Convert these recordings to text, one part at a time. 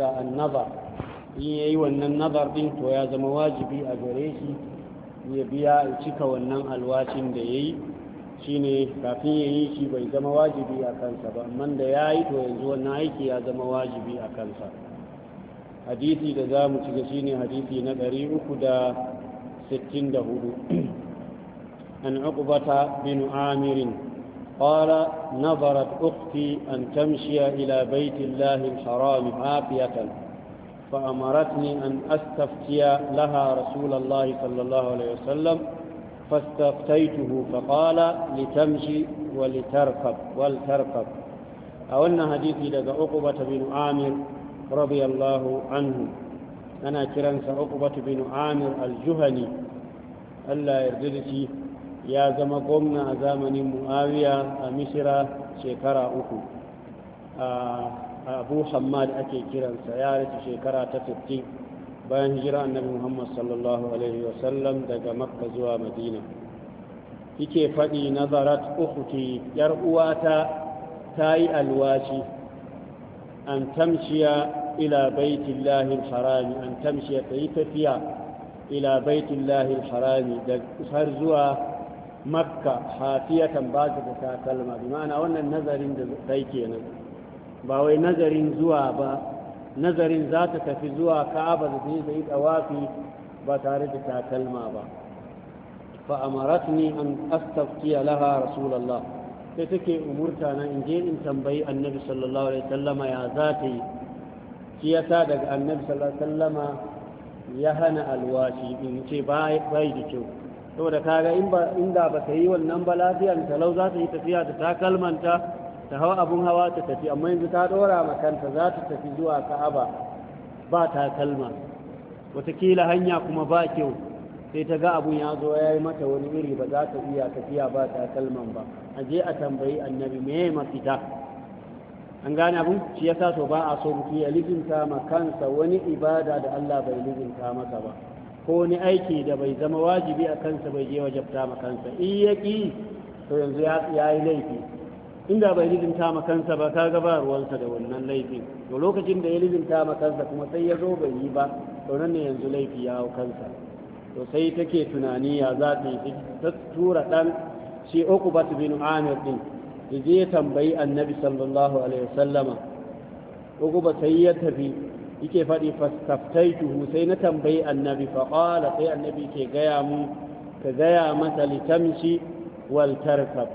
da annaba in ya yi wannan nazar din to ya zama wajibi a gare shi ya biya a cika wannan alwacin da ya yi, shi ne kafin ya yi shi bai zama wajibi a kansa ba amma da ya yi to yanzu wannan aiki ya zama wajibi a kansa hadisi da za mu shi ne hadisi na ɗari 364 an uqbata bin amirin قال نظرت أختي أن تمشي إلى بيت الله الحرام عافية فأمرتني أن أستفتي لها رسول الله صلى الله عليه وسلم فاستفتيته فقال لتمشي ولتركب ولتركب أولنا حديثي لدى عقبة بن عامر رضي الله عنه أنا كرنس عقبة بن عامر الجهني ألا يرددتي ya zama gwamna a zamanin muawiya a mishira shekara uku abu hamad ake kiransa ya rasu shekara ta 15 bayan jira annabi muhammad sallallahu alaihi wasallam daga makka zuwa madina yake faɗi nazarat ukhti yar uwata ta yi alwashi an tamshiya ila baitillahi harami an tamshiya ta yi tafiya ila baitillahi harami da har zuwa makka hafiyatan ba su da takalma bi ma'ana wannan nazarin da sai kenan ba wai nazarin zuwa ba nazarin za ta tafi zuwa ka'aba da zai zai tsawafi ba tare da takalma ba fa amaratni an astaftiya laha rasulullah sai take umurta na in je in tambayi annabi sallallahu alaihi wasallama ya za ta yi shi yasa daga annabi sallallahu alaihi wasallama ya hana alwashi in ce bai da kyau saboda kaga in inda ba ka yi wannan ba lafiyar talau za ta yi tafiya da takalmanta ta hawa abin hawa ta tafi amma yanzu ta dora ma za ta tafi zuwa ka'aba ba takalma watakila hanya kuma ba kyau sai ta ga abun ya zo ya yi mata wani iri ba za ta iya tafiya ba takalman ba a je a tambayi annabi me ya mafita an gane abun shi sa to ba a so mutu ya lizinta ma kansa wani ibada da Allah bai lizinta maka ba ko ni aiki da bai zama wajibi a kansa bai je wajabta ma kansa in ya to yanzu ya yi laifi inda bai lizinta ma kansa ba ka gaba ruwansa da wannan laifi to lokacin da ya lizinta ma kansa kuma sai ya zo bai yi ba to nan ne yanzu laifi ya hau kansa to sai take tunani ya za ta yi tura ɗan shi uku ba bin amir ɗin. ya je tambayi annabi sallallahu alaihi wasallama uku ba sai ya tafi yake faɗi fastaftaitu sai na tambayi annabi faƙala sai annabi ke gaya mu ka gaya masa litamshi wal tarkab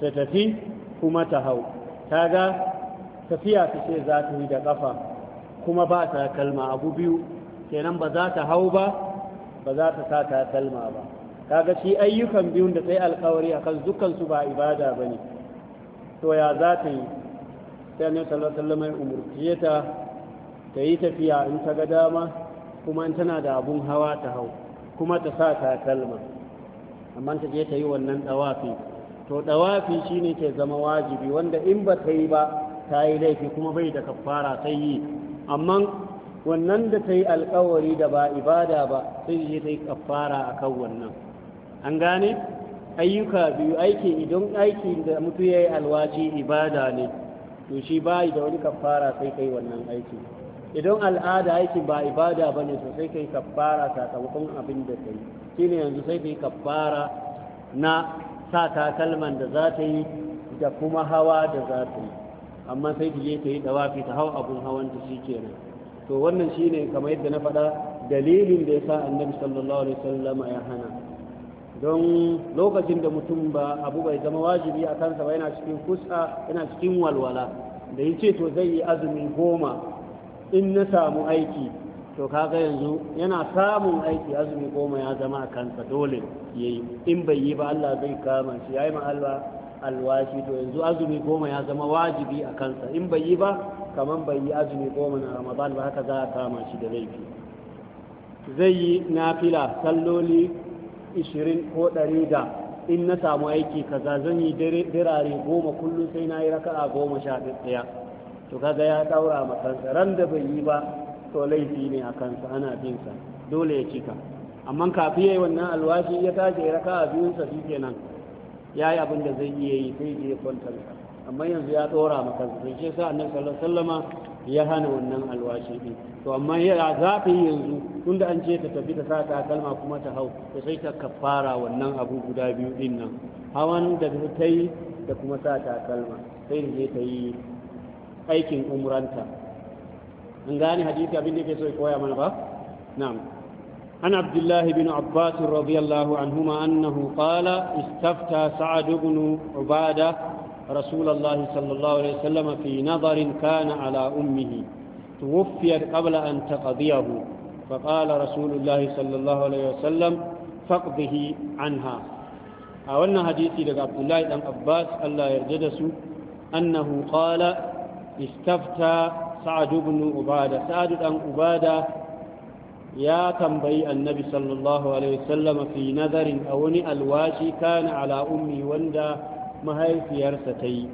ta tafi kuma ta hau ga tafiya ta ce za ta yi da ƙafa kuma ba ta kalma abu biyu kenan ba za ta hau ba ba za ta sa ta kalma ba kaga shi ayyukan biyun da sai alkawari akan dukansu ba ibada ne to ya za ta yi sai annabi sallallahu alaihi wasallam ya umurce ta ta yi tafiya in ta ga dama kuma in tana da abun hawa ta hau kuma ta sa takalma amma ta je ta yi wannan dawafi to dawafi shine ke zama wajibi wanda in ba ta yi ba ta yi laifi kuma bai da kafara sai yi amma wannan da ta yi alkawari da ba ibada ba sai je ta yi kafara kan wannan an gane ayyuka biyu aiki idan aiki da mutu ya yi alwaji ibada ne to shi bai da wani kafara sai kai wannan aiki idan al'ada yake ba ibada bane to sai kai kaffara sakamakon abin da kai ne yanzu sai kai kaffara na sa takalman da za ta yi da kuma hawa da za ta yi amma sai ta je ta yi dawafi ta hau abun hawan ta kenan to wannan shi ne kamar yadda na faɗa dalilin da ya sa annabi sallallahu alaihi wasallam ya hana don lokacin da mutum ba abu bai zama wajibi a kansa ba yana cikin kusa yana cikin walwala da yace to zai yi azumi goma in na samu aiki to kaga yanzu yana samun aiki azumi goma ya zama a kansa dole ya yi in bai yi ba Allah zai kama shi ya yi ma'alwa alwashi to yanzu azumi goma ya zama wajibi a kansa in bai yi ba kamar bai yi azumi goma na ramadan ba haka za a kama shi da laifi zai yi nafila salloli ishirin ko ɗari da in na samu aiki kaza zan yi dirare goma kullum sai na yi raka'a goma sha ɗaya to kaga ya daura ma ran da bai yi ba to laifi ne a kansa ana bin dole ya cika amma kafin yayi wannan alwashi ya tashi raka a biyun sa shikenan yayi abin da zai iya yi sai ya kwanta amma yanzu ya daura ma kansa sai annabi sallallahu alaihi wasallama ya hana wannan alwashi din to amma ya za ta yi yanzu tunda an ce ta tafi ta sa ta kalma kuma ta hau to sai ta kafara wannan abu guda biyu din nan hawan da ta yi da kuma sa ta kalma sai ta yi aikin umuranta an gani abin da ke so koya mana ba an abdullahi bin abbas radiyallahu anhuma annahu qala istafta sa'ad ibn ubada rasulullahi fi nadarin kana ala ummihi توفيت قبل أن تقضيه فقال رسول الله صلى الله عليه وسلم فقضه عنها أولنا حديثي لك عبد الله أم أباس istafta sa'adu bin ubada Sa'adu dan ubada ya tambayi annabi sallallahu alaihi wasallam fi nazarin a wani alwashi kana ala ummi wanda mahaifiyarsa ta yi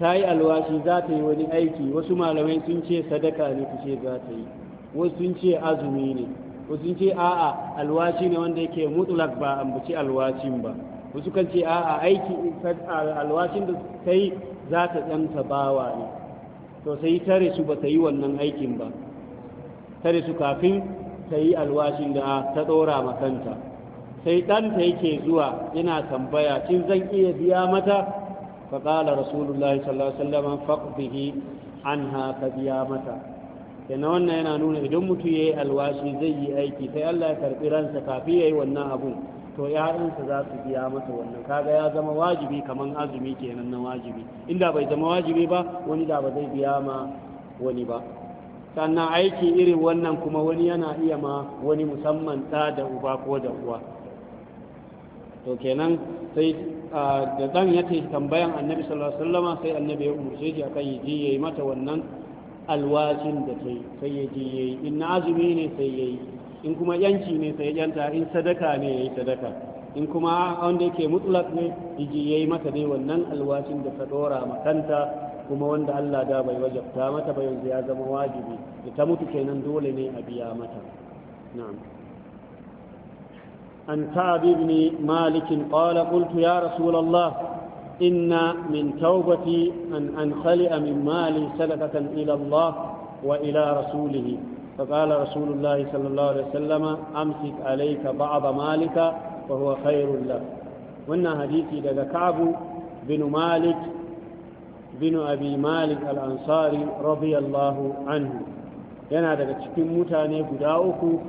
ta yi alwashi za ta yi wani aiki wasu malamai sun ce sadaka ne ta za ta yi wasu sun ce azumi ne wasu sun ce a'a alwashi ne wanda yake mutlak ba ambaci alwashin ba wasu kan ce a'a aiki alwashin da ta yi za ta ɗanta bawa ne to sai tare su ba ta yi wannan aikin ba tare su kafin ta yi alwashin da ta ɗora makanta sai ɗanta yake zuwa yana tambaya cin zan iya biya mata faƙala rasulullahi sallallahu alaihi wasallam an anha ka biya mata kenan wannan yana nuna idan mutum ya yi alwashi zai yi aiki sai Allah ya karɓi ransa kafin ya yi wannan abun to ya'yansa za su biya masa wannan kaga ya zama wajibi kaman azumi kenan na wajibi inda bai zama wajibi ba wani da ba zai biya ma wani ba sannan aiki irin wannan kuma wani yana iya ma wani musamman ta da uba ko da uwa to kenan sai da dan yake tambayan annabi sallallahu alaihi wasallama sai annabi ya umurce shi akan yi yayi mata wannan alwashin da ta yi sai ya je ya yi in azumi ne sai ya yi in kuma yanci ne sai yanta in sadaka ne ya yi sadaka in kuma wanda yake mutlak ne yaji ya yi mata dai wannan alwashin da ta dora makanta kuma wanda Allah da bai wajabta mata ba yanzu ya zama wajibi da ta mutu kenan dole ne a biya mata na'am an ta'ab ibn malik qala qultu ya rasulullah إن من توبتي أن أنخلئ من مالي سلفة إلى الله وإلى رسوله فقال رسول الله صلى الله عليه وسلم أمسك عليك بعض مالك فهو خير لك وإن حديثي لدى كعب بن مالك بن أبي مالك الأنصاري رضي الله عنه yana daga cikin mutane guda uku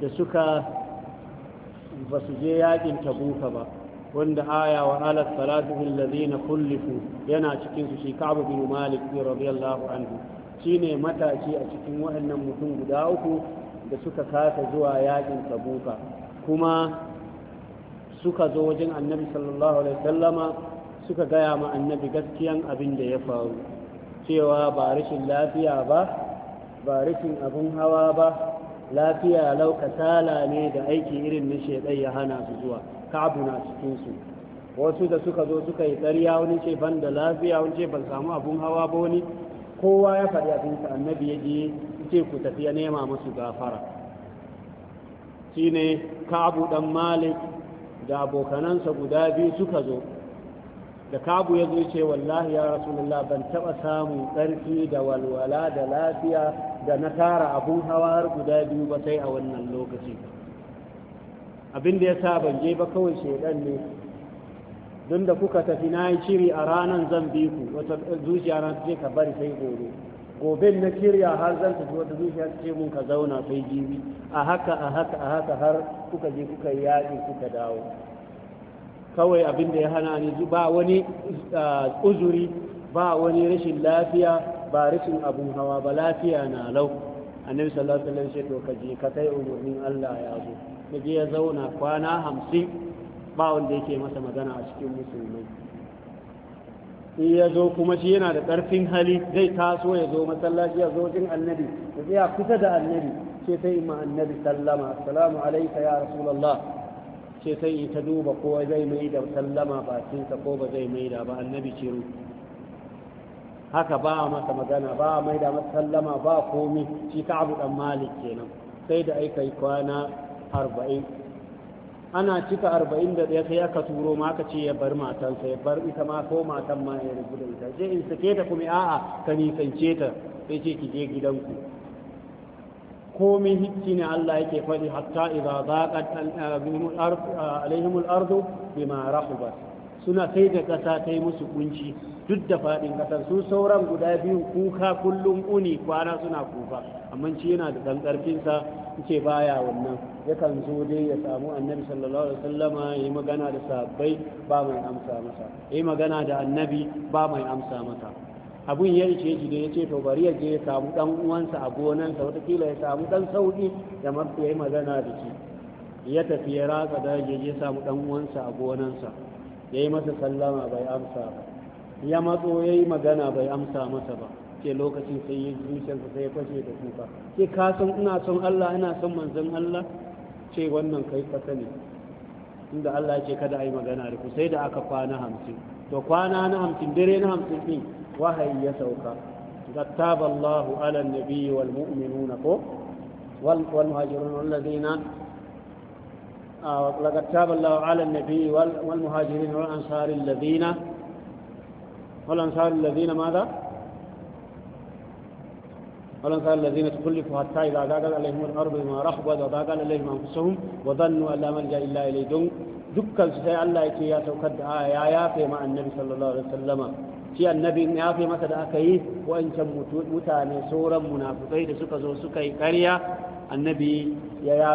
da suka basu je yakin tabuka ba wanda aya wa ala salatu alladhina kullifu yana cikin su shi Ka'ab bin Malik radiyallahu anhu shine matashi a cikin waɗannan mutum guda uku da suka kasa zuwa yakin Tabuka kuma suka zo wajen Annabi sallallahu alaihi wasallama suka gaya ma Annabi gaskiyan abin da ya faru cewa ba rashin lafiya ba ba rashin abin hawa ba lafiya lau kasala ne da aiki irin na shedai ya hana su zuwa ka'abu na cikinsu wasu da suka zo suka yi tsariya wani ce ban da lafiya wani ce ban samu abun hawa ba wani kowa ya faɗi abinsa annabi ya je ce ku tafiya nema musu gafara Shi ne Kabu dan malik da abokanansa guda biyu suka zo da kabu ya zo ce wallahi ya rasulullah ban taɓa samun ƙarfi da walwala da lafiya da na tara abun hawa guda biyu ba sai a wannan lokaci Abinda ya sa ban je ba kawai shaidan ne don da kuka tafi na yi ciri a ranar zan bi ku wata zuciya na ce ka bari sai gobe gobe na kirya har zan tafi wata zuciya ce mun ka zauna sai jibi a haka a haka a haka har kuka je kuka yaƙi kuka dawo kawai abin da ya hana ni ba wani uzuri ba wani rashin lafiya ba rashin abun hawa ba lafiya na lau annabi sallallahu alaihi wasallam ka je ka kai umurnin Allah ya zo ya je ya zauna kwana hamsin ba wanda yake masa magana a cikin musulmai in ya zo kuma shi yana da ƙarfin hali zai taso ya zo masallaci ya zo jin annabi ya tsaya kusa da annabi ce sai ma annabi sallama assalamu alaika ya rasulullah ce sai ta duba ko zai mai da sallama bakinsa ko ba zai mai da ba annabi ce haka ba masa magana ba mai da masallama ba komi shi ta abu dan malik kenan sai da aika kwana ana cika arba'in da ɗaya sai aka turo ma aka ce ya bar matansa ya bar ita ma ko matan ma ya rubu da ita je in sake ta kuma a'a ka nisance ta sai ce ki je gidanku min hicci ne Allah yake faɗi hatta idza zaqat alaihimul ardu bima ba. suna sai da kasa ta yi musu kunci duk da faɗin kasar su sauran guda biyu kuka kullum uni kwana suna kuka amma shi yana da dan karfin sa yake baya wannan yakan zo dai ya samu annabi sallallahu alaihi wasallam yi magana da sabbai ba mai amsa masa yi magana da annabi ba mai amsa masa abun ya rice shi da ya ce to bari ya je ya samu dan uwansa a gonansa watakila ya samu dan sauki da mafi yi magana da shi ya tafi ya ratsa da ya je samu dan uwansa a gonansa ya yi masa sallama bai amsa ba ya matso ya yi magana bai amsa masa ba ce lokacin sai ya zuciyarsa sai ya kwashe da kuka ke ka san ina son Allah ina son manzon Allah ce wannan kai ka sani inda Allah ce kada a yi magana da ku sai da aka kwana hamsin to kwana na hamsin dare na hamsin ɗin wahayi ya sauka zattaba Allahu ala nabiyyi wal mu'minuna ko wal muhajirun alladhina لقد تاب الله على النبي والمهاجرين والأنصار الذين والأنصار ma za? ولن قال الذين تخلفوا حتى إذا عليهم الأرض بما رحبت عليهم أنفسهم وظنوا أن لا ملجأ إلا دون sai Allah yake ya saukar da aya ya annabi sallallahu da aka yi wancan mutane sauran munafukai da suka zo suka yi ƙarya annabi ya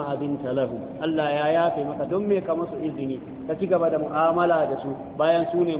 Allah ya yafe maka don me ka izini ka ci gaba da mu'amala da su bayan su ne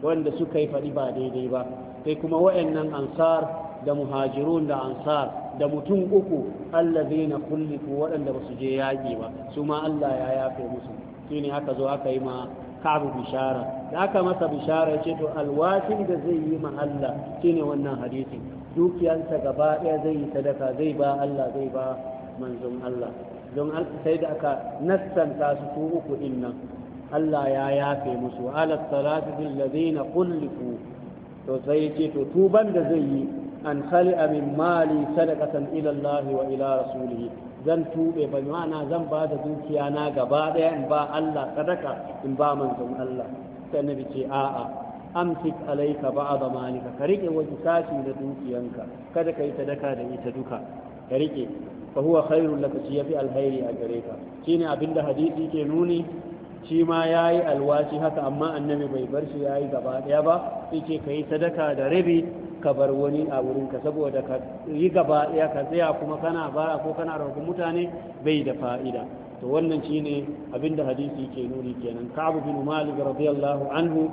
wanda suka yi faɗi ba daidai ba sai kuma wa'annan ansar da muhajirun da ansar da mutum uku na kulliku waɗanda ba su je yaƙi ba su ma Allah ya yafe musu ne aka zo aka yi ma Ka'abu bishara da aka masa bishara ce to alwatin da zai yi ma Allah ne wannan hadisin dukiyansa gaba ɗaya zai yi sadaka zai ba Allah zai ba manzon Allah don sai da aka nassanta su su uku ɗin nan Allah ya yafe musu alas salatu na ladina kullifu to sai ce to tuban da zai yi an khali min mali sadaqatan ila Allah wa ila rasulih zan tube ba ma'ana zan ba da dukiya na gaba daya in ba Allah sadaka in ba manzon Allah sai nabi ce a'a amsik alaika ba'd malika ka rike wani sashi da dukiyanka kada kai sadaka da ita duka ka rike fa huwa khairul lak shi yafi alkhairi a gare ka shine abinda hadisi ke nuni shi ma ya yi alwashi haka amma annabi bai bar shi ya yi gaba ɗaya ba sai ce ka sadaka da rabi ka bar wani a wurinka saboda ka yi gaba ɗaya ka tsaya kuma kana bara ko kana roƙon mutane bai da fa'ida to wannan shine abinda hadisi ke nuni kenan ka'abu bin malik radiyallahu anhu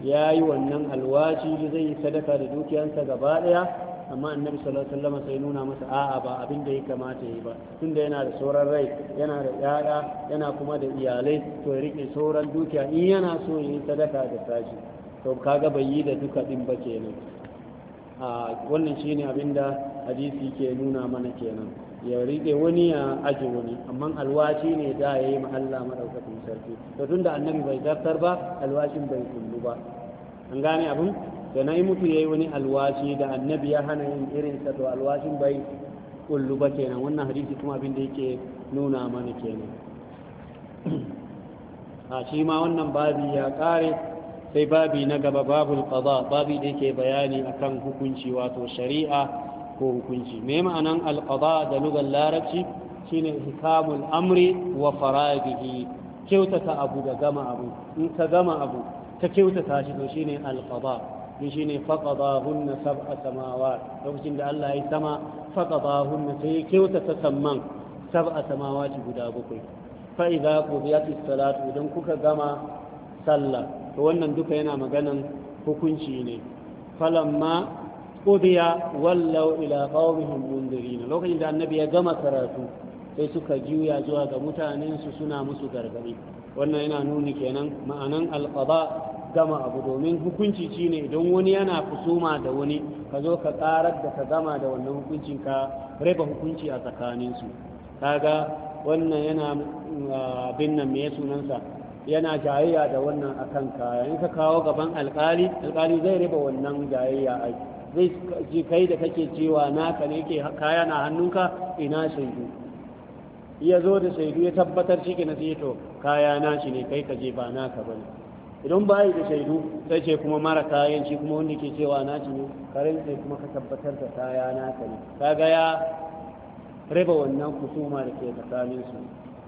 ya yi wannan alwashi zai yi sadaka da dukiyansa gaba ɗaya amma annabi sallallahu alaihi wasallam sai nuna masa a'a ba abin da ya kamata yi ba tunda yana da sauran rai yana da yaya yana kuma da iyalai to ya rike sauran dukiya in yana so yi sadaka da sashi to kaga bai yi da duka din ba kenan a wannan shine abin da hadisi ke nuna mana kenan ya rike wani ya aji wani amma alwashi ne da ya yi mahalla madaukakin sarki to tunda annabi bai zartar ba alwashin bai kullu ba an gane abin da na yi mutu ya yi wani alwashi da annabi ya hana yin irinsa to alwashin bai kullu ba kenan wannan hadisi kuma abin da yake nuna mana kenan a shi ma wannan babi ya kare sai babi na gaba babu qada babi da yake bayani akan hukunci wato shari'a ko hukunci me ma'anan al da lugar larabci shine hikamul amri wa Faradihi? kyautata abu da gama abu in ka gama abu ka kyautata shi to shine al shi shine faqadahunna sab'a samawat lokacin da Allah ya sama na sai kyauta ta samman sab'a samawati guda bakwai fa idza qudiyatis salatu idan kuka gama sallah to wannan duka yana maganan hukunci ne falamma qudiya wallau ila qaumihim mundirin lokacin da annabi ya gama karatu sai suka juya zuwa ga mutanensu suna musu gargadi wannan yana nuni kenan ma'anan alqada gama abu domin hukunci shi ne don wani yana kusuma da wani ka zo ka karar da ka gama da wannan hukuncin ka raba hukunci a tsakaninsu kaga wannan yana ah, abin nan mai sunansa yana jayayya da wannan akan kaya in ka kawo gaban alkali alkali zai raba wannan jayayya a zai ji kai da kake cewa na ka ne ke kaya na hannunka ina shaidu iya zo da shaidu ya tabbatar shi ke na to kaya na shi ne kai ka je ba na naka bane idan ba da shaidu sai ce kuma mara kayanci shi kuma wanda ke cewa na ci ne karen sai kuma ka tabbatar da kaya na ka ne ga ya raba wannan kusuma da ke tsakanin su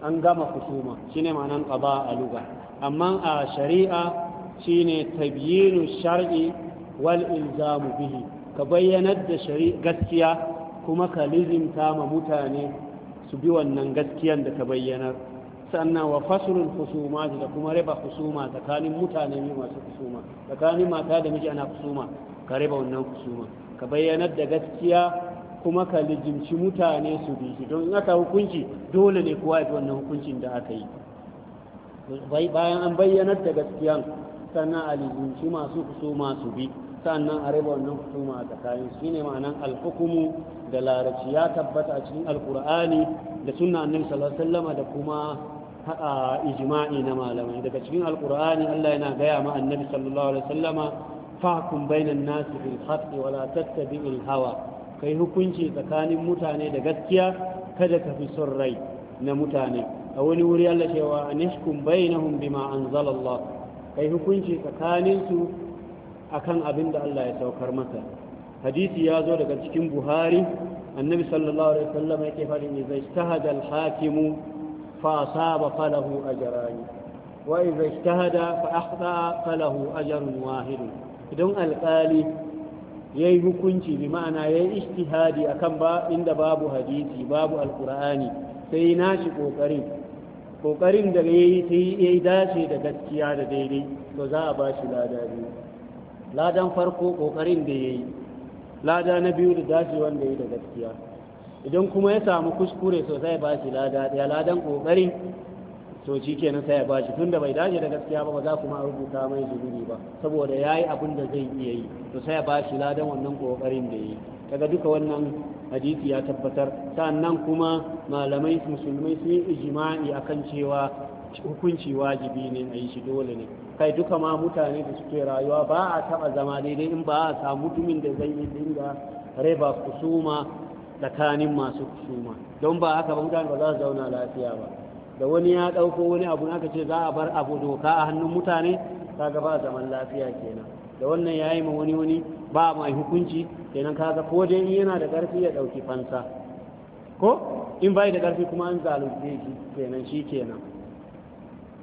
an gama kusuma shine ma'anan qada a luga amma a shari'a shine tabyinu shar'i wal ilzamu bihi ka bayyanar da shari'a gaskiya kuma ka lizimta ma mutane su bi wannan gaskiyan da ka bayyanar sannan wa fasulul husuma da kuma riba husuma tsakanin mutane ne masu husuma tsakanin mata da miji ana husuma ka riba wannan husuma ka bayyanar da gaskiya kuma ka lijimci mutane su bi shi don aka hukunci dole ne kowa ya wannan hukuncin da aka yi bayan an bayyanar da gaskiya sannan a lijimci masu husuma su bi sannan a riba wannan husuma tsakanin shi ne ma'anan alhukumu da larabci ya tabbata a cikin alkur'ani da sunna annabi sallallahu alaihi wasallam da kuma ijma'i na malamai daga cikin alkur'ani Allah yana gaya ma annabi sallallahu alaihi wasallama fahkum bainan nasi bil haqqi wala tattabi'il hawa kai hukunci tsakanin mutane da gaskiya kada ka fi son rai na mutane a wani wuri Allah cewa anishkum bainahum bima anzalallah kai hukunci tsakanin su akan abin da Allah ya saukar masa hadisi ya zo daga cikin buhari annabi sallallahu alaihi wasallam yake faɗin zai tahada hakimu فأصاب فله أجران وإذا اجتهد فأخطأ فله أجر واحد دون القالي yayi hukunci bi ma'ana yayi ijtihadi akan ba inda babu hadisi babu alqur'ani sai nashi kokari kokarin da yayi sai yayi dace da gaskiya da daidai to za a ba shi lada biyu ladan farko kokarin da yayi lada na biyu da dace wanda yayi da gaskiya idan kuma ya samu kuskure sosai ba shi lada ya ladan kokari to shi kenan sai ya ba tunda bai dace da gaskiya ba ba za kuma rubuta mai zunubi ba saboda ya yi abin da zai iya yi to sai ya ba ladan wannan kokarin da ya yi kaga duka wannan hadisi ya tabbatar sannan kuma malamai musulmai sun yi ijma'i akan cewa hukunci wajibi ne a yi shi dole ne kai duka ma mutane da suke rayuwa ba a taba zama daidai in ba a samu mutumin da zai yi dinga reba kusuma tsakanin masu suma don ba aka ba mutane ba za su zauna lafiya ba da wani ya ɗauko wani abu aka ce za a bar abu doka a hannun mutane kaga ba zaman lafiya kenan da wannan ya yi ma wani wani ba mai hukunci kenan kaga ko dai yana da ƙarfi ya ɗauki fansa ko in bai da ƙarfi kuma an zalunce shi kenan shi kenan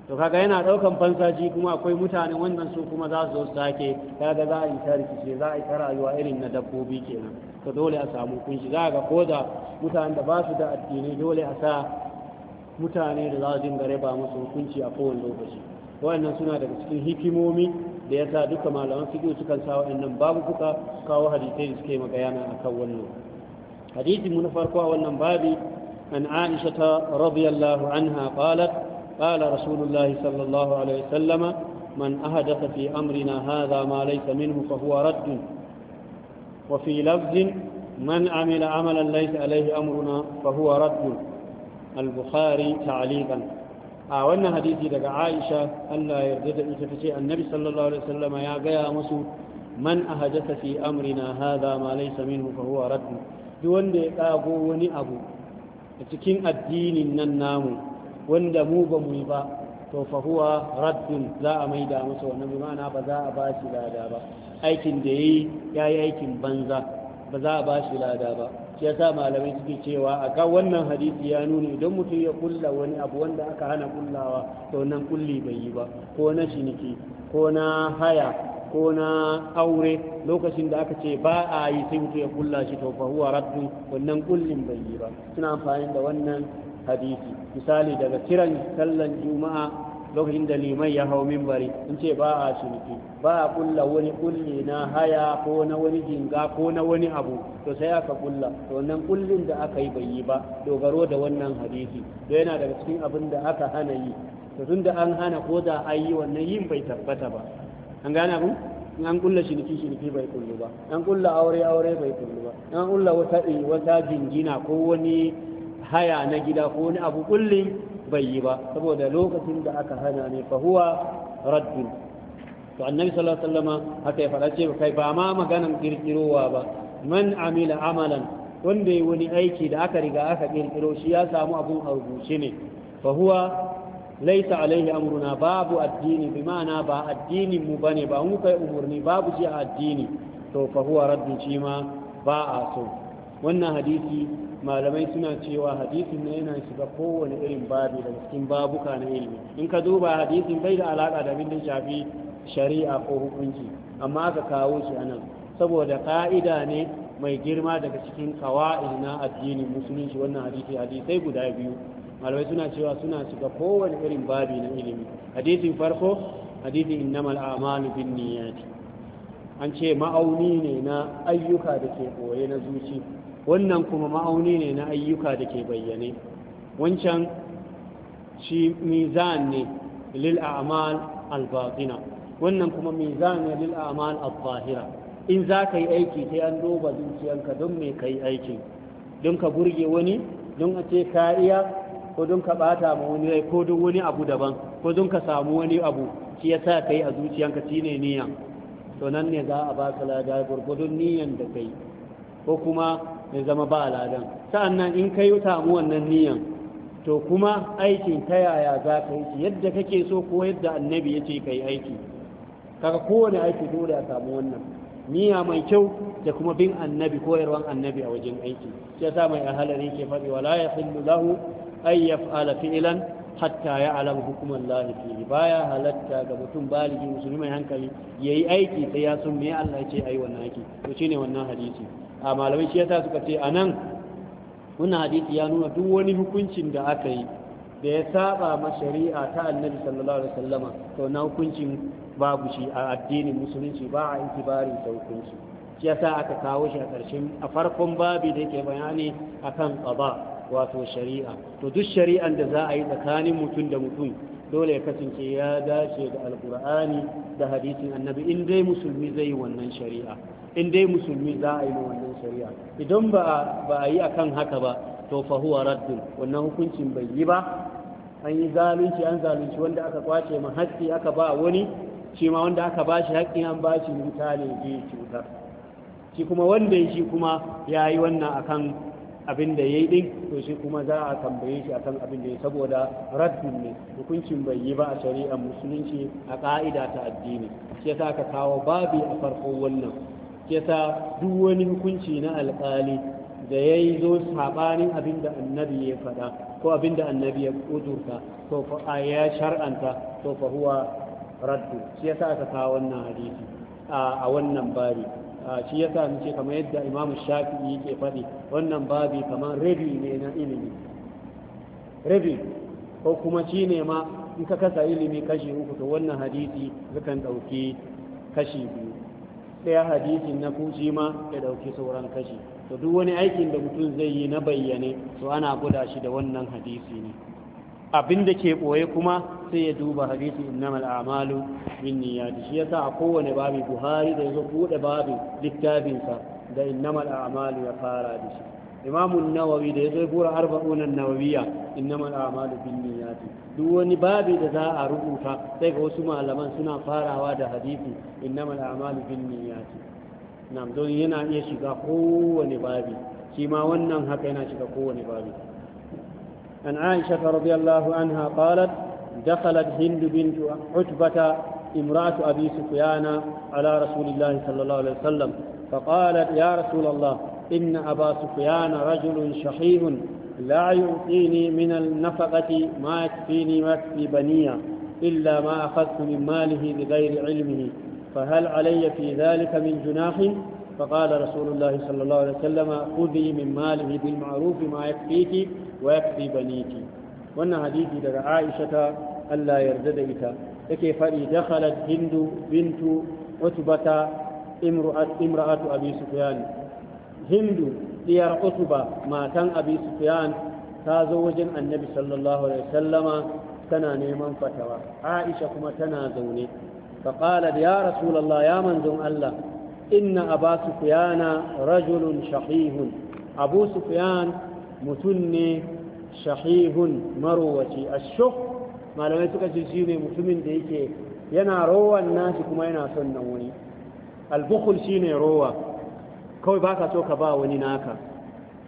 to kaga yana daukan fansaji kuma akwai mutane wannan su kuma za su zo sake kaga za a yi tarihi zai za a yi rayuwa irin na dabbobi kenan to dole a samu kunshi za ga ko da mutanen da ba su da addini dole a sa mutane da za su dinga raba musu hukunci a kowane lokaci wannan suna daga cikin hikimomi da ya sa duka malaman fiƙi sukan sa wannan babu kuka kawo hadisai da suke magana a kan wannan hadisi mu na farko a wannan babi an aisha ta radiyallahu anha qalat قال رسول الله صلى الله عليه وسلم من في أمرنا هذا ما ليس منه فهو رد وفي لفظ من عمل عملا ليس عليه أمرنا فهو رد البخاري تعليقا a wannan hadisi daga Aisha Allah ya yarda da ita tace Annabi sallallahu ya gaya musu man ahdatha wanda ya wani abu a cikin addinin nan namu wanda mu ba mu yi ba to fa huwa raddun za a maida masa wannan bi ma'ana ba za a ba shi lada ba aikin da yayi yayi aikin banza ba za a ba shi lada ba shi yasa malamai suke cewa a wannan hadisi ya nuna idan mutum ya kulla wani abu wanda aka hana kullawa to wannan kulli bai yi ba ko na shiniki ko na haya ko na aure lokacin da aka ce ba a yi sai mutum ya kulla shi to fa huwa raddun wannan kullin bai yi ba suna amfani da wannan hadisi misali daga kiran sallan juma'a lokacin da liman ya hau mimbari in ce ba a shirki ba a kulla wani kulli na haya ko na wani jinga ko na wani abu to sai aka kulla to wannan kullin da aka yi bai yi ba dogaro da wannan hadisi to yana daga cikin abin da aka hana yi to tun da an hana ko da an yi wannan yin bai tabbata ba an gane abin in an kulla shiniki shiniki bai kullu ba an kulla aure aure bai kullu ba an kulla wata eh, wata jingina ko wani haya na gida ko wani abu kullin bai yi ba saboda lokacin da aka hana ne fa huwa to annabi sallallahu alaihi wasallama haka ya fada ce kai ba ma maganan kirkirowa ba man amila amalan wanda yi wani aiki da aka riga aka kirkiro shi ya samu abun a ne fa huwa laisa alaihi amruna babu addini bi ma'ana ba addinin mu bane ba mu kai umurni babu shi a addini to fa huwa shi ma ba a so wannan hadisi malamai suna cewa hadisin ne yana shiga kowane irin babi daga cikin babuka na ilimi in ka duba hadisin bai da alaka da abin da shafi shari'a ko hukunci amma ka kawo shi a nan saboda ka'ida ne mai girma daga cikin kawa'id na addinin musulunci wannan hadisi hadisai guda biyu malamai suna cewa suna shiga kowane irin babi na ilimi hadisin farko hadisin innamal a'malu binniyati an ce ma'auni ne na ayyuka da ke koye na zuci wannan kuma ma'auni ne na ayyuka da ke bayyane wancan shi mizan ne lil a'mal al-batina wannan kuma mizan ne lil a'mal al-zahira in za ka yi aiki sai an duba zuciyanka don me ka yi aiki don ka burge wani don a ce ka iya ko don ka bata ma wani rai ko don wani abu daban ko don ka samu wani abu shi ya sa ka yi a zuciyanka shi ne niyan to nan ne za a ba ka lada gurgudun niyan da kai ko kuma ya zama ba aladan sa'annan in ka yi tamu wannan niyan to kuma aikin ta yaya za ka yi yadda kake so ko yadda annabi ya ce ka yi aiki kaga kowane aiki dole a samu wannan niyya mai kyau da kuma bin annabi koyarwan annabi a wajen aiki ya sa mai ahalari ke faɗi wala yahillu lahu ay yaf'ala fi'lan hatta ya'lam hukuman lahi fihi baya halatta ga mutum baligi musulmi mai hankali yayi aiki sai ya san me Allah ya ce ayi wannan aiki to shine wannan hadisi a malamai shi yasa suka ce nan, wannan hadisi ya nuna duk wani hukuncin da aka yi da ya saba ma shari'a ta annabi sallallahu alaihi wasallama to na hukuncin babu shi a addinin musulunci ba a itibarin da hukunci shi sa aka kawo shi a ƙarshen a farkon babi da ke bayani kan qada wato shari'a to duk shari'an da za a yi tsakanin mutum da mutum dole ya kasance ya dace da alkur'ani da hadisin annabi in dai musulmi zai yi wannan shari'a in dai musulmi za a yi ma wannan shari'a idan ba a yi akan haka ba to fa huwa raddun wannan hukuncin bai yi ba an yi zalunci an zalunci wanda aka kwace ma haƙƙi aka ba wani shi ma wanda aka ba shi haƙƙi an ba shi wuta ne je cutar shi kuma wanda shi kuma ya yi wannan akan abin da ya yi ɗin to shi kuma za a tambaye shi akan abin da ya saboda raddun ne hukuncin bai yi ba a shari'ar musulunci a ka'ida ta addini shi sa ka kawo babi a farko wannan yasa duk wani hukunci na alƙali da ya yi zo saɓanin abin da annabi ya faɗa ko abin da annabi ya ƙudurta to fa ya shar'anta to fa huwa raddu shi ya sa aka kawo wannan hadisi a wannan babi shi ya yasa muke kamar yadda Imam Shafi'i yake faɗi wannan babi kamar rabi ne na ilimi rabi ko kuma shi ne ma in ka kasa ilimi kashi uku to wannan hadisi zakan ɗauki kashi biyu ɗaya hadisin na kuci ma ya ɗauki sauran kashi to duk wani aikin da mutum zai yi na bayyane to ana guda shi da wannan hadisi ne abin da ke ɓoye kuma sai ya duba hadisi innamal a'malu bin niyyati shi yasa a kowane babi buhari da yazo buɗe babin littafinsa da innamal a'malu ya fara da shi imamun nawawi da ya zai gura arba'unan nawawiya innamal a'malu binniyati duk wani babi da za a rubuta sai ga wasu malaman suna farawa da hadisi innamal a'malu binniyati nam don yana iya shiga kowane babi shi ma wannan haka yana shiga kowane babi an aisha ta radiyallahu anha qalat dakhalat hind bint utbata امرأة أبي سفيان على رسول Sallallahu alaihi الله عليه وسلم فقالت يا رسول الله إن أبا سفيان رجل شحيح لا يعطيني من النفقة ما يكفيني ويكفي بنيا إلا ما أخذت من ماله بغير علمه فهل علي في ذلك من جناح فقال رسول الله صلى الله عليه وسلم خذي من ماله بالمعروف ما يكفيك ويكفي بنيك وأن حديثي daga عائشة ألا يرزد إتا لكي ita take faɗi dakhalat امرأة, امرأة utbata imra'atu hindu diyar utuba matan abi sufyan ta zo wajen annabi sallallahu alaihi sallama tana neman fatawa aisha kuma tana zaune faƙala ya rasulallah ya manzon allah inna aba sufyana rajulun shahihun abu sufyan mutum ne shahihun marowaci a malamai suka ce shi ne mutumin da yake yana rowan nashi kuma yana son nan wani al-bukhul shine rowa kawai ka so ka ba wani naka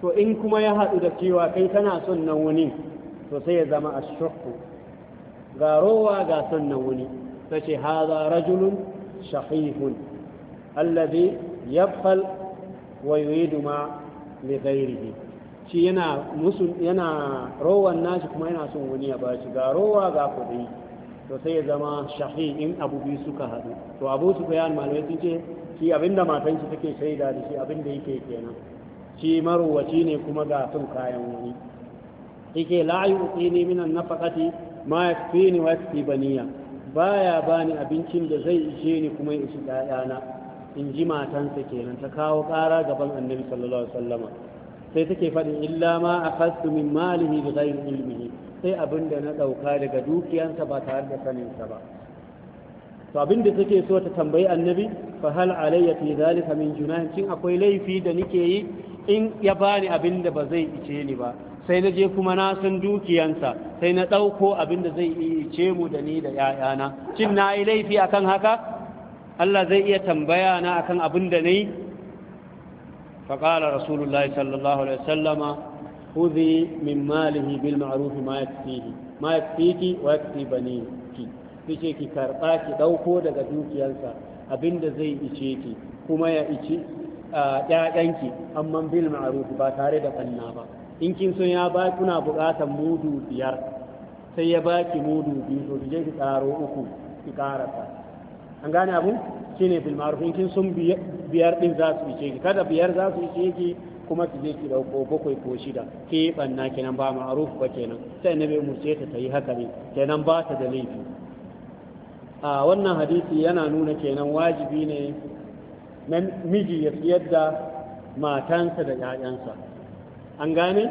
to in kuma ya haɗu da cewa kai kana son nan wani to sai ya zama a ashakku ga rowa ga son nan wani ta ce haza rajulun shahihun allazi yabfal wa yuridu ma li ghairihi shi yana musu yana rowan nashi kuma yana son wani ya bashi ga rowa ga kuɗi to sai ya zama shahi in abu biyu suka haɗu to abu su bayan malamai sun ce shi abinda matan shi take shaida da shi abinda yake kenan shi marowaci ne kuma ga sun kayan wani yake la yuqini min an-nafaqati ma ni wa yakfi baniya baya bani abincin da zai ishe ni kuma ya ishi ƴaƴana in ji matansa kenan ta kawo ƙara gaban annabi sallallahu alaihi wasallama sai take faɗin illa ma akhadtu min malihi bi ghairi ilmihi sai abinda na ɗauka daga dukiyansa ba tare da saninsa ba to abin da take so ta tambayi annabi fa hal alayya fi zalika min junahin cin akwai laifi da nake yi in ya bani abin da ba zai ice ni ba sai na je kuma na san dukiyansa sai na ɗauko abin da zai ice mu da ni da ‘ya'yana cin na yi laifi akan haka Allah zai iya tambaya na akan abin da na yi faƙala rasulullahi sallallahu alaihi wasallama huzi min malihi bil ma'ruf ma yakfihi ma yakfiki wa yakfi baniki yace ki karɓa ki ɗauko daga dukiyarsa abinda zai ice ki kuma ya ici ƴaƴanki amma bil ma'ruf ba tare da kanna ba in kin so ya ba kuna buƙatar mudu biyar sai ya baki mudu biyu to je ki karo uku ki karasa an gane abu shine bil ma'ruf in kin sun biyar din za su ice ki kada biyar za su ice ki kuma su je ki dauko bakwai ko shida ke banna kenan ba ma'ruf ba kenan sai annabi mu ce ta yi haka ne kenan ba ta da laifi a wannan hadisi yana nuna kenan wajibi ne na miji ya tsayar da matansa da 'ya'yansa an gane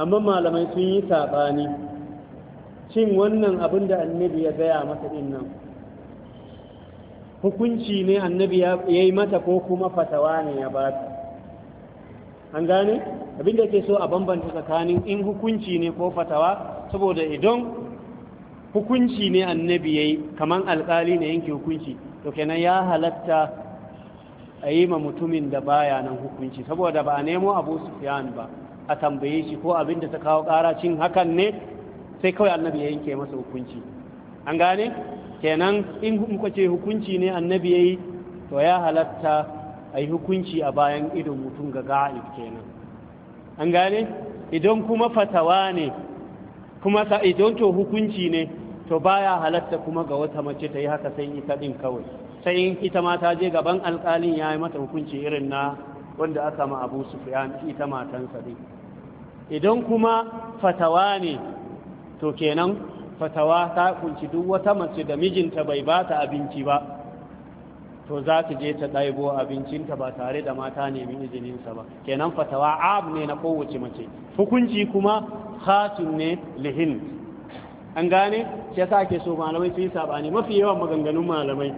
amma malamai sun yi saɓani cin wannan abin da annabi ya gaya masa nan hukunci ne annabi ya yi mata ko kuma fatawa ne ya ba an gane abin da ke so a bambanta tsakanin in hukunci ne ko fatawa saboda idan hukunci ne annabi yi kaman alƙali ne yanke hukunci to kenan ya halatta a yi ma mutumin da baya nan hukunci saboda ba a nemo abu sufyan ba a tambaye shi ko abin da ta kawo karacin hakan ne sai kawai annabi ya yanke masa hukunci an gane kenan in muka ce hukunci ne annabi ya yi to ya halatta a yi hukunci a bayan idon mutum ga ga'ib kenan an gane idan kuma fatawa ne kuma sa idan to hukunci ne to baya halatta kuma ga wata mace ta yi haka sai ita din kawai sai in ita ma ta je gaban alƙalin ya yi mata hukunci irin na wanda aka ma abu sufiyan ita matansa din idan kuma fatawa ne to kenan fatawa ta kunci duk wata mace da mijinta bai ba ta abinci ba to za ta je ta ɗaibo abincinta ba tare da mata nemi izininsa ba kenan fatawa ab ne na kowace mace hukunci kuma khatun ne lihin an gane shi yasa ake so malamai su yi sabani mafi yawan maganganun malamai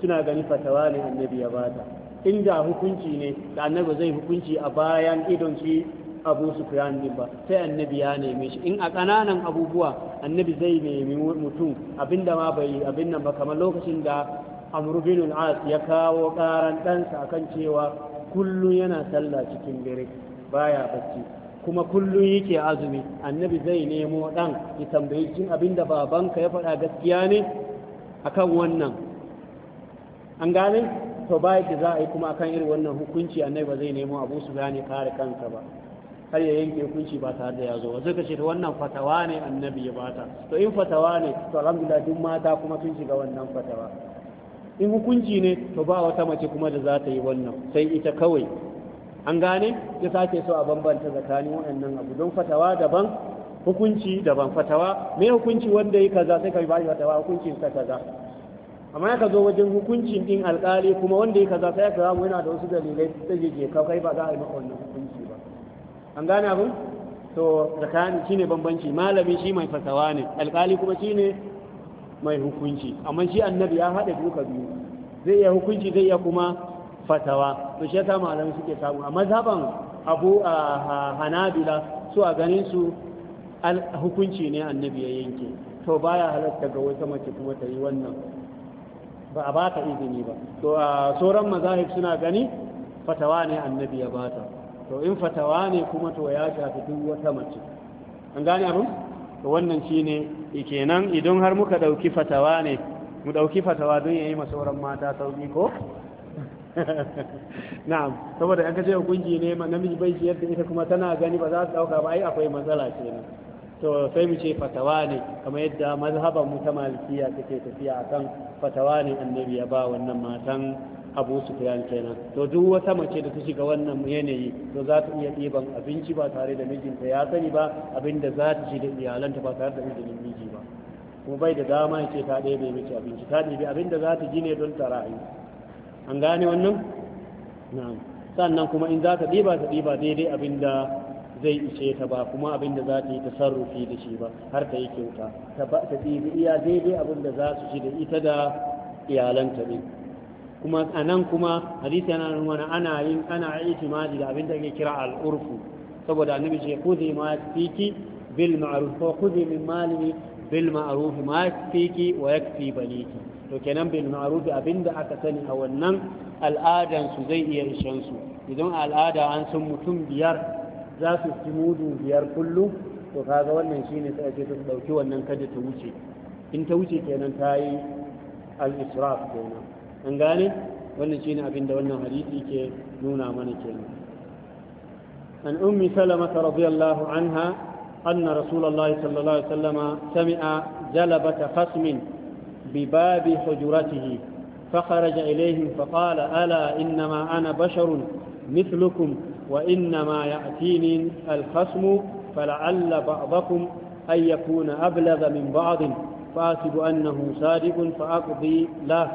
suna gani fatawa ne annabi ya bata inda hukunci ne da annabi zai hukunci a bayan idon shi abu su din ba sai annabi ya neme shi in a kananan abubuwa annabi zai nemi mutum abinda ma bai abin nan ba kamar lokacin da amru bin as ya kawo ƙaran ɗansa kan cewa kullum yana sallah cikin dare baya bacci kuma kullum yake azumi annabi zai nemo ɗan ya tambayi cin abin da babanka ya faɗa gaskiya ne akan wannan an gane to ba yake za a yi kuma akan irin wannan hukunci annabi ba zai nemo abu su gane kare kansa ba har ya yanke hukunci ba tare da ya zo ba zai kace to wannan fatawa ne annabi ya bata to in fatawa ne to alhamdulillah duk mata kuma sun shiga wannan fatawa in hukunci ne to ba wata mace kuma da za ta yi wannan sai ita kawai an gane ya sake so a bambanta tsakanin waɗannan abu don fatawa daban hukunci daban fatawa me hukunci wanda yi kaza sai ka bashi fatawa hukuncin ka kaza amma ya ka zo wajen hukuncin din alƙali kuma wanda yi kaza sai ka zamu yana da wasu dalilai da je ka kai ba za a yi maka wannan hukunci ba an gane abin to tsakanin shine bambanci malami shi mai fatawa ne alƙali kuma shine mai hukunci amma shi annabi ya haɗa duka biyu zai iya hukunci zai iya kuma fatawa to shi ta malamai suke samu a mazhaban abu a hanabila su a ganin su hukunci ne annabi ya yanke to baya halatta ga wata mace kuma ta yi wannan ba a baka izini ba to a sauran mazahib suna gani fatawa ne annabi ya bata to in fatawa ne kuma to ya shafi duk wata mace an gane abin to wannan shine kenan idan har muka dauki fatawa ne mu dauki fatawa don yayi ma sauran mata sauki ko na'am saboda aka ce kungi ne namiji bai ciyar da ita kuma tana gani ba za su dauka ba ai akwai matsala ce ne to sai mu ce fatawa ne kamar yadda mazhaban mu ta malikiya take tafiya akan fatawa ne annabi ya ba wannan matan abu su kenan to duk wata mace da ta shiga wannan yanayi to za ta iya ɗiban abinci ba tare da mijinta ya sani ba abinda za ta ci da iyalanta ba tare da izinin miji ba kuma bai da dama ya ce ta ɗebe mace abinci ta ɗebe abinda za ta gine don ta rayu an gane wannan na'am sannan kuma in za ta ɗiba ta ɗiba daidai abin da zai ishe ta ba kuma abin da za ta yi tasarrufi da shi ba har ta yi kyauta ta ba ta ɗibi iya daidai abin da za su ci da ita da iyalanta ne. kuma a nan kuma hadisi yana nuna wani ana yin ana itimadi da abin da ake kira al'urfu saboda annabi ce kuzi ma fiki bil ma'ruf wa kuzi min mali bil ma'ruf ma fiki wa yakfi baniki to kenan bil ma'ruf abinda aka sani a wannan al'adan su zai iya ishen su idan al'ada an san mutum biyar za su ci mudu biyar kullu to kaga wannan shine sai ake su wannan kada ta wuce in ta wuce kenan ta yi al-israf kenan an gane wannan shine abinda wannan hadisi ke nuna mana kenan An ummi سلمة رضي الله عنها أن رسول الله صلى Sami'a) عليه وسلم بباب حجرته فخرج إليهم فقال ألا إنما أنا بشر مثلكم وإنما يأتيني الخصم فلعل بعضكم أن يكون أبلغ من بعض فأكد أنه صادق فأقضي له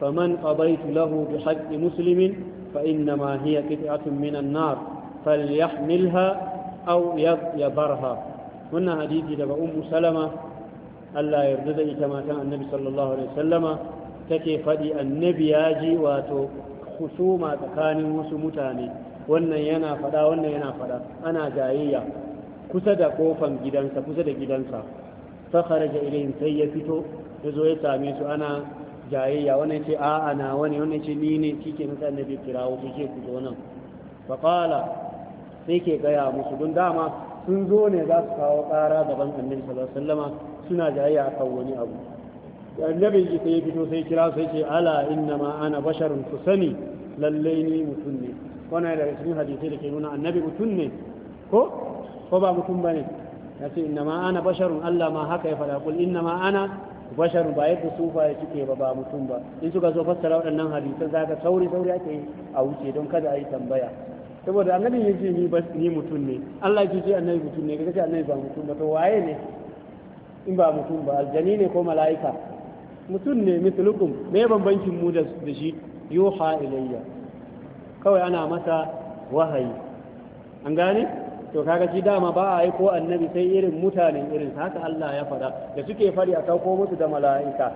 فمن قضيت له بحق مسلم فإنما هي قطعة من النار فليحملها أو يبرها هنا حديث لبا أم سلمة Allah ya yarda da ita matan annabi sallallahu alaihi wasallama take faɗi annabi ya ji wato husuma tsakanin wasu mutane wannan yana faɗa wannan yana faɗa ana jayayya kusa da kofan gidansa kusa da gidansa ta kharaja ilayhim sai ya fito ya zo ya same su ana jayayya wannan ce a ana wani wannan ce ni ne kike na annabi kirawo ku ku zo nan fa qala sai ke gaya musu don dama sun zo ne za su kawo ƙara gaban annabi sallallahu alaihi wasallama suna jayayya akan wani abu annabi ji sai ya fito sai kira sai ce ala inna ma ana basharun ku sani lalle ni mutum ne wannan daga cikin hadisai da ke nuna annabi mutum ne ko ko ba mutum bane ya ce inna ma ana basharun Allah ma haka ya faɗa kul inna ma ana basharun ba yadda sufa ya cike ba ba mutum ba in suka zo fassara waɗannan hadisan zaka sauri sauri ake a wuce don kada a yi tambaya saboda annabi ya ce ni mutum ne Allah ya ce annabi mutum ne kaga ce annabi ba mutum ba to waye ne in ba mutum ba aljani ne ko mala'ika mutum ne mislukum me bambancin mu da shi yuha ilayya kawai ana masa wahayi an gane to kaga shi dama ba a yi ko annabi sai irin mutanen irin haka Allah ya fada da suke fari a sauko musu da mala'ika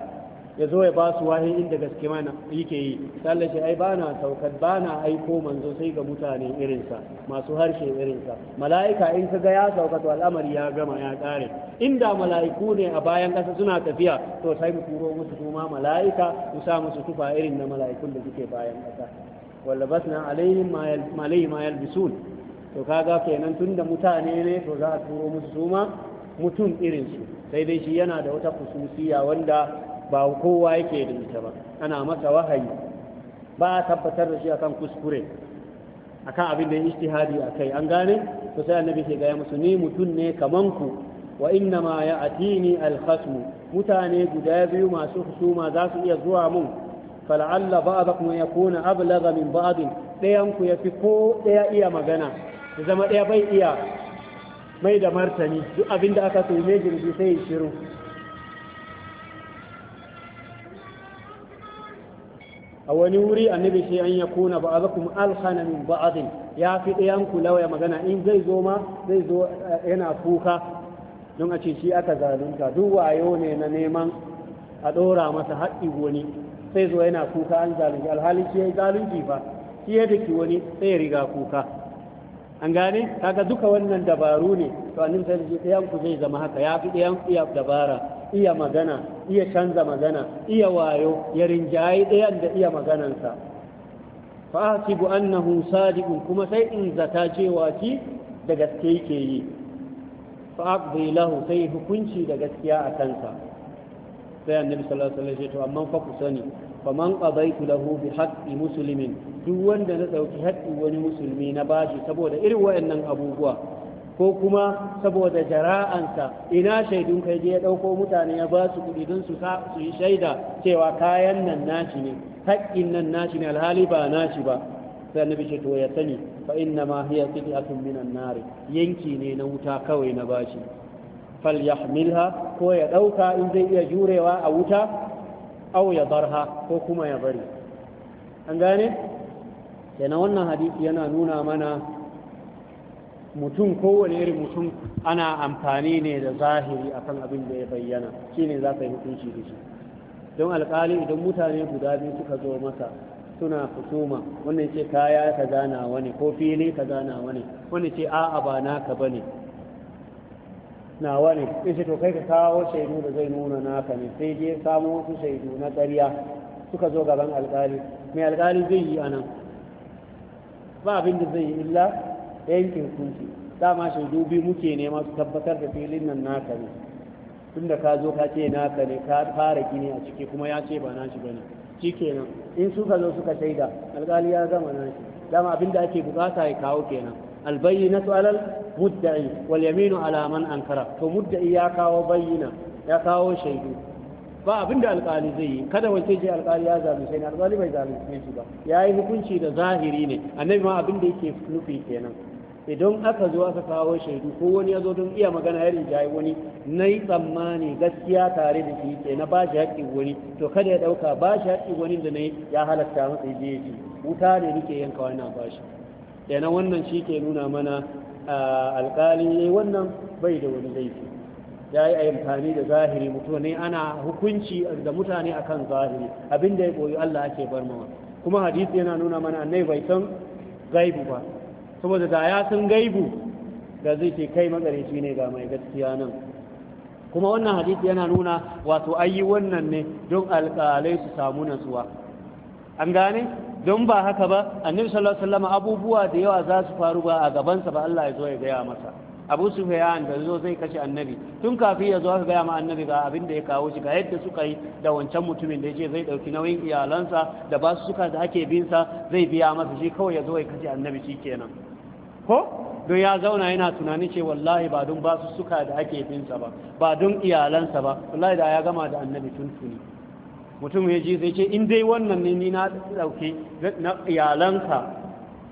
ya zo ya ba su wahi inda gaske mana yake yi sallah shi ai bana saukar bana aiko manzo sai ga mutane irinsa masu harshe irinsa mala'ika in ka ga ya sauka to al'amari ya gama ya kare inda mala'iku ne a bayan kasa suna tafiya to sai mu turo musu kuma mala'ika mu sa musu tufa irin na mala'ikun da suke bayan kasa basna alaihim ma ma yalbisun to kaga kenan tunda mutane ne to za a turo musu suma mutum irinsu sai dai shi yana da wata kususiya wanda ba kowa yake da ita ba ana masa wahayi ba a tabbatar da shi akan kuskure akan abin da ya ishtihadi a kai an gane to sai annabi ke gaya musu ni mutum ne kaman ku wa inna ma ya atini alhasmu? mutane guda biyu masu husuma za su iya zuwa mun fala'alla ba'dakum yakuna ablagha min ba'd dayan ku yafi ko daya iya magana ya zama daya bai iya mai da martani duk abin da aka tume jirgi sai shiru a wani wuri annabi sai an ya kuna ba azakum alkhana min ba'adin ya fi ɗayan ku lawaya magana in zai zo ma zai zo eh, yana kuka don a ce shi aka zalunta duk wayo ne na neman a ɗora masa haƙƙi wani sai zo yana kuka an zalunci alhali shi ya yi zalunci fa shi ya daki wani sai ya riga kuka an gane kaga duka wannan dabaru ne to annabi sai ya ku zai zama haka ya fi ɗayan ku ya dabara iya magana iya canza magana iya wayo ya rinjaye ɗayan da iya maganansa fa'asibu annahu sadiqun kuma sai in zata cewa ki da gaske yake yi fa'aqdi lahu sai hukunci da gaskiya a kansa sai annabi sallallahu alaihi wasallam to amma fa ku sani faman qadaitu lahu bi haqqi muslimin duk wanda na dauki haƙƙi wani musulmi na bashi saboda irin wayannan abubuwa ko kuma saboda jara'ansa ina shaidun kai je ya ɗauko mutane ya ba su kuɗi don su yi shaida cewa kayan nan nashi ne haƙƙin nan nashi ne alhali ba nashi ba sai annabi ce to ya sani fa inna ma hiya qit'atun minan nar yanki ne na wuta kawai na bashi fal yahmilha ko ya ɗauka in zai iya jurewa a wuta aw ya barha ko kuma ya bari an gane kenan wannan hadisi yana nuna mana mutum kowane irin mutum ana amfani ne da zahiri akan abin da ya bayyana shine za ka yi hukunci da shi don alƙali idan mutane guda biyu suka zo masa suna fusuma wannan ce kaya ka gana wani ko fili ka gana wani wani ce a'a ba naka bane nawa ne in shi to kai ka kawo shaidu da zai nuna naka ne sai je samo wasu shaidu na ƙarya suka zo gaban alƙali mai alƙali zai yi anan ba abin da zai yi illa yankin kunci dama shaidu biyu muke nema su tabbatar da filin nan naka ne tun da ka zo ka ce naka ne ka fara gini a ciki kuma ya ce ba na shi bane shi kenan in suka zo suka shaida alƙali ya gama na shi dama abin da ake bukata ya kawo kenan albayyinatu alal mudda'i wal yaminu ala man ankara to mudda'i ya kawo bayyina ya kawo shaidu ba abin da alƙali zai yi kada wace je alƙali ya sai ni alƙali bai sai shi ba ya yi hukunci da zahiri ne annabi ma abin da yake nufi kenan idan aka zo aka kawo shaidu ko wani ya zo don iya magana ya rinjaye wani na yi tsammani gaskiya tare da shi ke na ba shi haƙƙin wani to kada ya ɗauka ba shi haƙƙin wani da na ya halatta masa ya je wuta ne nake yanka wannan ba shi wannan shi ke nuna mana alƙali ne eh, wannan bai da wani laifi ya yi amfani da zahiri mutane ana hukunci da mutane akan zahiri abinda ya koyi Allah ake bar mawa kuma hadisi yana nuna mana annai bai san gaibu ba saboda da ya sun gaibu da zai ce kai matsaraci ne ga mai gaskiya nan kuma wannan hadisi yana nuna wato ayi wannan ne don alƙalai su samu natsuwa an gane don ba haka ba annabi sallallahu alaihi wasallam abubuwa da yawa za su faru ba a gabansa ba Allah ya zo ya gaya masa abu sufyan da zo zai kashe annabi tun kafin ya zo aka gaya ma annabi ga abin da ya kawo shi ga yadda suka yi da wancan mutumin da ya ce zai ɗauki nauyin iyalansa da ba su suka da ake binsa zai biya masa shi kawai ya zo ya kashe annabi shi kenan. ko don ya zauna yana tunanin ce wallahi ba don ba su suka da ake binsa ba ba don iyalansa ba wallahi da ya gama da annabi tun tuni mutum ya ji zai ce in dai wannan ne ni na dauke na iyalanka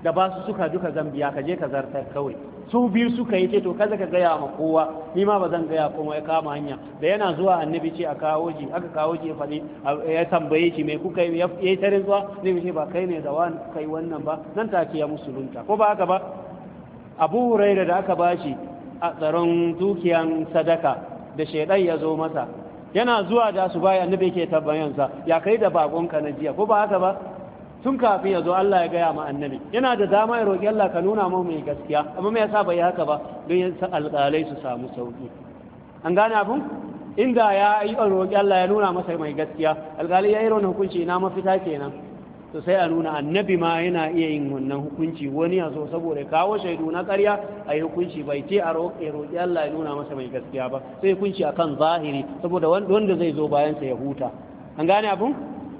da ba su suka duka zambiya ka je ka zartar kawai su biyu suka yi ce to kaza ka gaya ma kowa ni ma ba zan gaya kuma ya kama hanya da yana zuwa annabi ce a kawo ji aka kawo ji ya faɗi ya tambaye shi mai kuka ya yi tarin zuwa zai ce ba kai ne da kai wannan ba nan take ya musulunta ko ba haka ba abu huraira da aka bashi a tsaron dukiyan sadaka da shaidan ya zo masa yana zuwa da su baya annabi yake tabbayansa ya kai da bakonka na jiya ko ba haka ba tun kafin ya zo Allah ya gaya ma annabi yana da dama ya roƙi Allah ka nuna mu mai gaskiya amma me yasa bai haka ba don ya sa alƙalai su samu sauki an gane abun inda ya yi roƙi Allah ya nuna masa mai gaskiya alƙali ya yi rawan hukunci ina mafita kenan to sai a nuna annabi ma yana iya yin wannan hukunci wani ya so saboda kawo shaidu na karya a yi hukunci bai ce a roƙe-roƙe, Allah ya nuna masa mai gaskiya ba sai hukunci kan zahiri saboda wanda zai zo bayansa ya huta an gane abun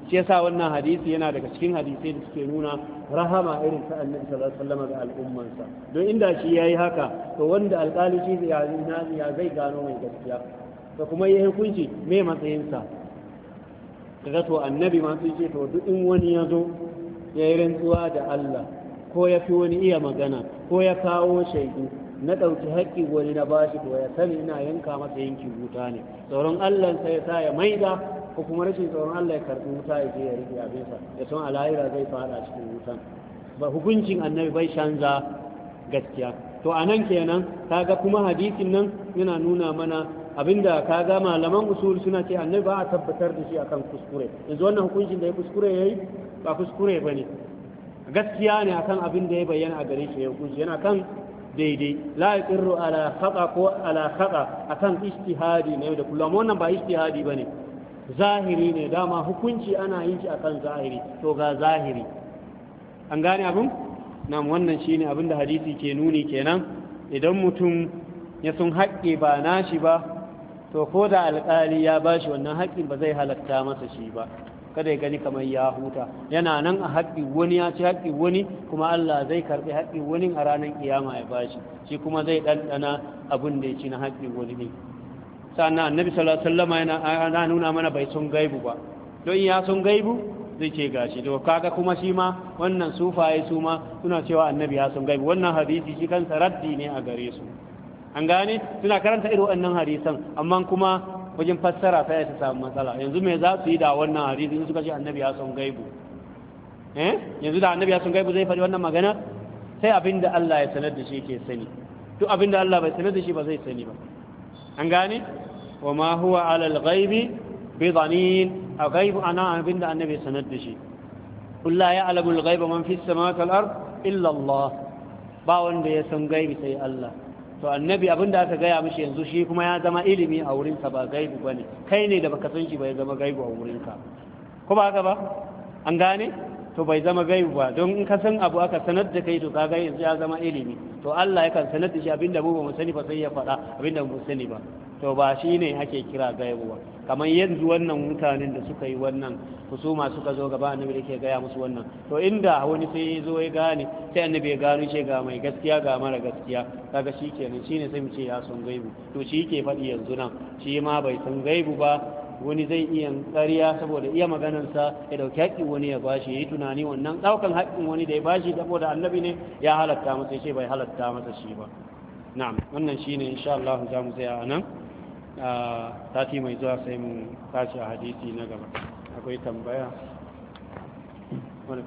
shi yasa wannan hadisi yana daga cikin hadisai da suke nuna rahama irin ta annabi sallallahu alaihi wasallam ga al'ummansa don inda shi yayi haka to wanda alƙali shi ya zai gano mai gaskiya to kuma yayi hukunci me matsayinsa kaga to annabi ma ce to duk in wani ya zo ya yi rantsuwa da Allah ko ya fi wani iya magana ko ya kawo shaidu na ɗauki haƙƙi wani na bashi to ya sani ina yanka masa yanki wuta ne tsoron Allah sai ya sa ya maida ko kuma rashin tsoron Allah ya karɓi wuta ya je ya rike abinsa ya san alahira zai fada cikin wutan ba hukuncin annabi bai canza gaskiya to a nan kenan kaga kuma hadisin nan yana nuna mana abinda ka ga malaman usul suna ce annabi ba a tabbatar da shi akan kuskure yanzu wannan hukuncin da ya kuskure yayi ba kuskure bane gaskiya ne akan abin da ya bayyana a gare shi ya hukunci yana kan daidai la yaqirru ala khata ko ala khata akan ijtihadi ne da kullum wannan ba ijtihadi bane zahiri ne dama hukunci ana yin shi akan zahiri to ga zahiri an gane abin nan wannan shine abin da hadisi ke nuni kenan idan mutum ya sun haƙƙe ba nashi ba to ko da alƙali ya ba shi wannan haƙƙin ba zai halatta masa shi ba kada ya gani kamar ya huta yana nan a haƙƙi wani ya ci haƙƙi wani kuma Allah zai karɓi haƙƙi wani a ranar kiyama ya bashi shi kuma zai ɗanɗana abin da ya ci na haƙƙi wani ne sannan annabi sallallahu alaihi wasallam yana nuna mana bai sun gaibu ba don ya sun gaibu zai ce gashi to kaga kuma shi ma wannan sufaye su ma suna cewa annabi ya sun gaibu wannan hadisi shi kansa raddi ne a gare su an gane suna karanta irin wannan hadisan amma kuma wajen fassara sai ta samu matsala yanzu me za su yi da wannan hadisi in suka ce annabi ya san gaibu eh yanzu da annabi ya san gaibu zai faɗi wannan magana sai abinda Allah ya sanar da shi ke sani duk abinda Allah bai sanar da shi ba zai sani ba an gane wa ma huwa ala al-ghaibi bi dhanin al-ghaib ana abinda annabi ya sanar da shi قل alamul يعلم man fi في السماوات والأرض إلا الله باون da ya san gaibi sai Allah to annabi abin da aka gaya mishi yanzu shi kuma ya zama ilimi a wurinsa ba gaibu ba ne kai ne da baka san shi ba ya zama gaibu a wurinka ko ba haka ba an gane to bai zama gaibu ba don in ka san abu aka sanar da kai to kaga yanzu ya zama ilimi to Allah yakan sanar da shi abinda mu ba mu sani ba sai ya faɗa abinda mu sani ba to ba shi ne ake kira gaibu ba kamar yanzu wannan mutanen da suka yi wannan husuma suka zo gaba annabi da ke gaya musu wannan to inda wani sai ya zo ya gane sai annabi ya gano ce ga mai gaskiya ga mara gaskiya kaga shi kenan shine sai mu ce ya san gaibu to shi ke faɗi yanzu nan shi ma bai san gaibu ba wani zai iya ƙariya saboda iya maganansa ya dauki haƙƙin wani ya bashi yi tunani wannan daukan haƙƙin wani da ya bashi saboda annabi ne ya halatta masa shi bai halatta masa shi ba na'am wannan shine insha Allah za mu tsaya anan sati mai zuwa sai mu tashi a hadisi na gaba akwai tambaya wani